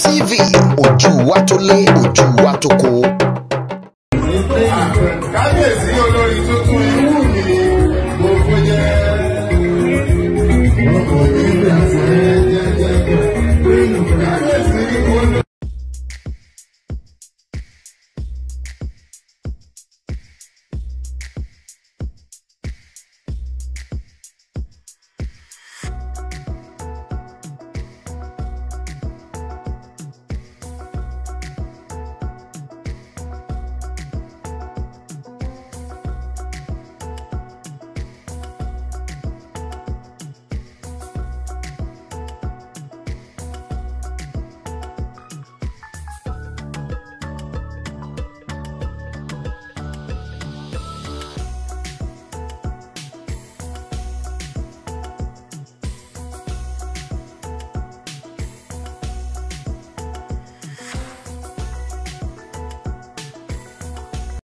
TV ojú wa tó lé ojú wa tó kó. kábíyèsí olórí tuntun ìwú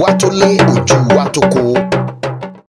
wa tó lé ojú wa tó kó.